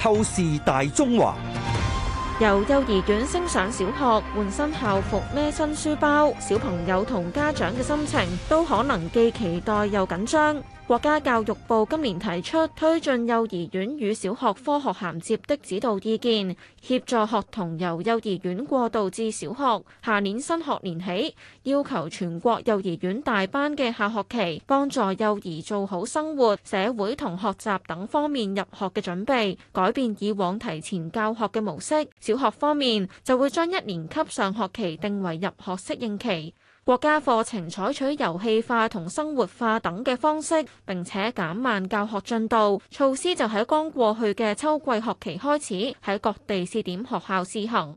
透視大中華，由幼兒園升上小學，換新校服孭新書包，小朋友同家長嘅心情都可能既期待又緊張。國家教育部今年提出推進幼兒園與小學科學銜接的指導意見，協助學童由幼兒園過渡至小學。下年新學年起，要求全國幼兒園大班嘅下學期，幫助幼兒做好生活、社會同學習等方面入學嘅準備，改變以往提前教學嘅模式。小學方面就會將一年級上學期定為入學適應期。國家課程採取遊戲化同生活化等嘅方式，並且減慢教學進度。措施就喺剛過去嘅秋季學期開始，喺各地試點學校試行。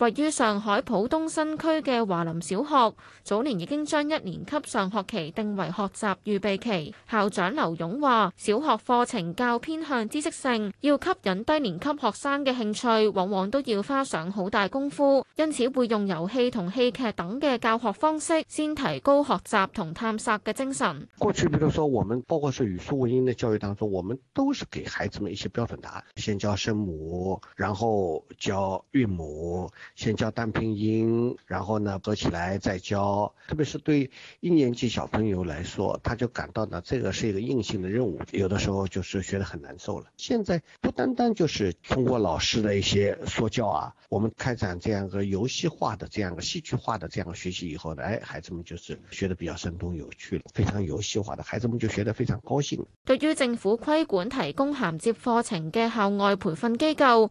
位於上海浦東新區嘅華林小學早年已經將一年級上學期定為學習預備期。校長劉勇話小學課程較偏向知識性，要吸引低年級學生嘅興趣，往往都要花上好大功夫。因此會用遊戲同戲劇等嘅教學方式，先提高學習同探索嘅精神。過去，比如說，我們包括是語數英嘅教育當中，我們都是給孩子們一些標準答案，先教聲母，然後教韻母。先教單拼音，然後呢，合起來再教。特別是對一年級小朋友來說，他就感到呢，這個是一個硬性的任務，有的時候就是學得很難受了。現在不單單就是通過老師的一些說教啊，我們開展這樣個遊戲化的，這樣個戲劇化的這樣學習以後呢，哎，孩子們就是學得比較生動有趣了，非常遊戲化的，孩子們就學得非常高興。對於政府規管提供銜接課程的校外培訓機構，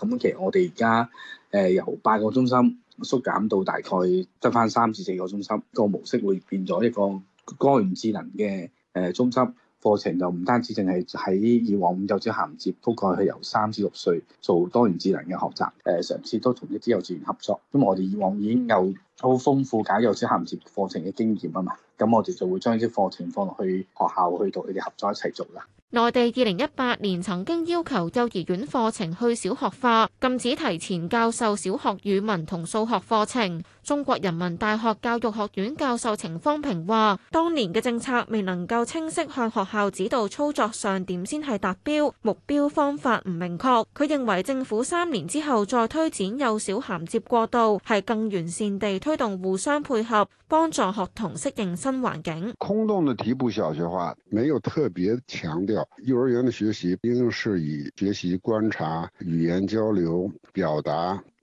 咁其實我哋而家誒由八個中心縮減到大概得翻三至四個中心，個模式會變咗一個多元智能嘅誒中心課程，就唔單止淨係喺以往幼小銜接覆蓋，係由三至六歲做多元智能嘅學習。誒上次都同一啲幼稚園合作，因為我哋以往已經有好豐富搞幼小銜接課程嘅經驗啊嘛，咁我哋就會將啲課程放落去學校，去到佢哋合作一齊做啦。內地二零一八年曾經要求幼兒園課程去小學化，禁止提前教授小學語文同數學課程。中國人民大學教育學院教授程方平話：當年嘅政策未能夠清晰向學校指導操作上點先係達標，目標方法唔明確。佢認為政府三年之後再推展幼小銜接過渡，係更完善地推動互相配合，幫助學童適應新環境。空洞的提步小學化，沒有特別強調幼兒園的學習應是以學習觀察、語言交流、表達。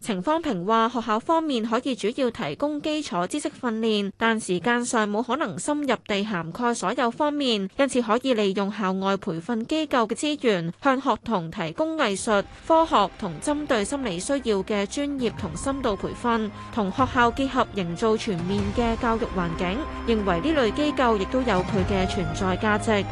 程方平話：學校方面可以主要提供基礎知識訓練，但時間上冇可能深入地涵蓋所有方面，因此可以利用校外培訓機構嘅資源，向學童提供藝術、科學同針對心理需要嘅專業同深度培訓，同學校結合，營造全面嘅教育環境。認為呢類機構亦都有佢嘅存在價值。